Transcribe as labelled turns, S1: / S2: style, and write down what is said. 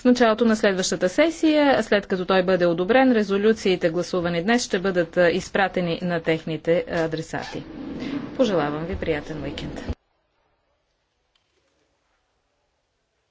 S1: в началото на следващата сесия, след като той бъде одобрен, резолюциите гласувани днес ще бъдат изпратени на техните адресати. Пожелавам ви приятен уикенд!